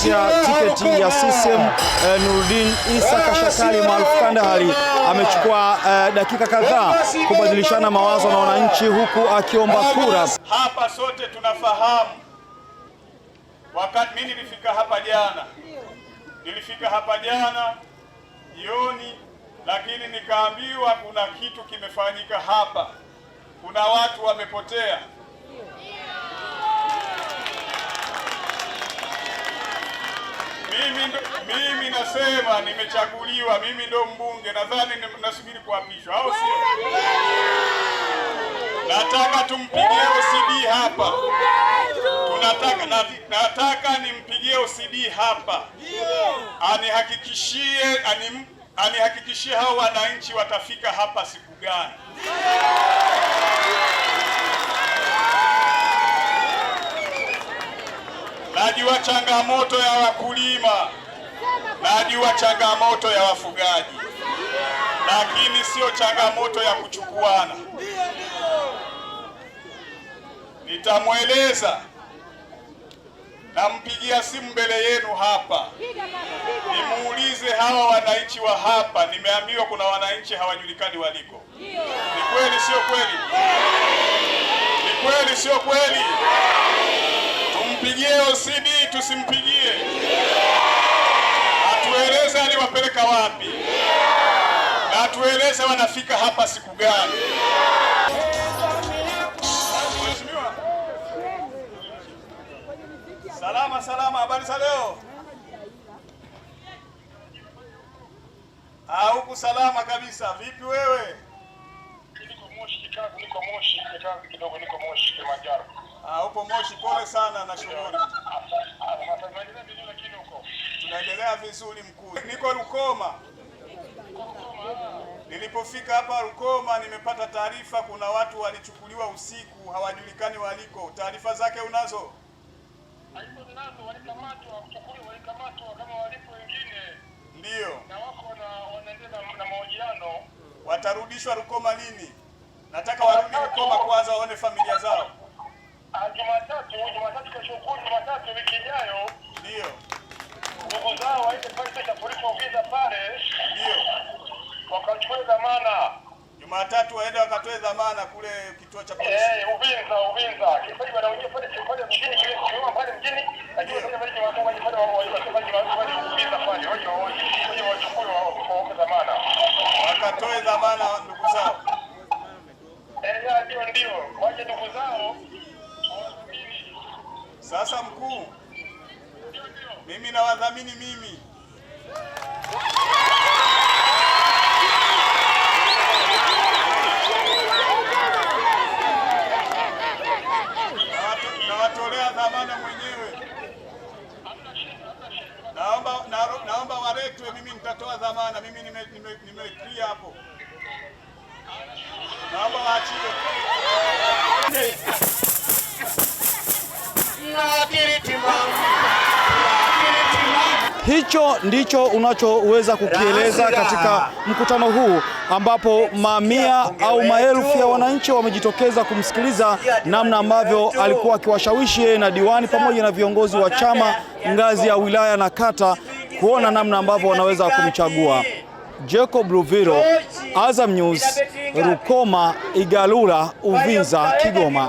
kupitia tiketi ya CCM eh, Nurdin Isa Kashakali maarufu Kandahari amechukua eh, dakika kadhaa kubadilishana mawazo na wananchi huku akiomba kura. Hapa sote tunafahamu, wakati mimi nilifika hapa jana, nilifika hapa jana jioni, lakini nikaambiwa kuna kitu kimefanyika hapa, kuna watu wamepotea. Mimi nasema nimechaguliwa, mimi ndo mbunge, nadhani nasubiri kuapishwa, au sio? Nataka tumpigie OCD hapa, tunataka na, nataka nimpigie OCD hapa anihakikishie, anim, anihakikishie hao wananchi watafika hapa siku gani? Najua changamoto ya wakulima najua changamoto ya wafugaji, lakini sio changamoto ya kuchukuana. Nitamweleza, nampigia simu mbele yenu hapa, nimuulize hawa wananchi wa hapa. Nimeambiwa kuna wananchi hawajulikani waliko. Ni kweli, sio kweli? Ni kweli, sio kweli? Tumpigie OCD, tusimpigie? atueleze aliwapeleka wapi na atueleze wanafika hapa siku gani. salama salama, habari za leo? Ah, huku salama kabisa. Vipi wewe? Ah, upo Moshi? Pole sana na shughuli Tunaendelea vizuri mkuu. Niko Rukoma. Nilipofika hapa Rukoma nimepata taarifa kuna watu walichukuliwa usiku hawajulikani waliko. Taarifa zake unazo? Ndiyo. Watarudishwa Rukoma lini? Nataka warudi Rukoma kwanza waone familia zao. Ah, Jumatatu, Jumatatu kesho kuu, Jumatatu wiki ijayo, ndio ndugu zao waende pale cha polisi ofisa pale, ndio wakachukue dhamana. Jumatatu waende wakatoe dhamana kule kituo cha polisi eh, Uvinza, Uvinza kifaji wanaoje pale pale mjini kile kiwa pale mjini, lakini kuna wale watu waje pale wao waje pale Uvinza pale, waje waje wachukue wao dhamana, wakatoe dhamana ndugu zao eh, ndio ndio waje ndugu zao sasa mkuu, mimi nawadhamini mimi nawatolea dhamana mwenyewe, naomba na, naomba waletwe, mimi nitatoa dhamana. Mimi nimekiri nime, nime hapo, naomba waachiwe. Hicho ndicho unachoweza kukieleza katika mkutano huu ambapo mamia au maelfu ya wananchi wamejitokeza kumsikiliza namna ambavyo alikuwa akiwashawishi yeye na diwani pamoja na viongozi wa chama ngazi ya wilaya na kata kuona namna ambavyo wanaweza kumchagua. Jacob Ruvilo, Azam News, Rukoma, Igalula, Uvinza, Kigoma.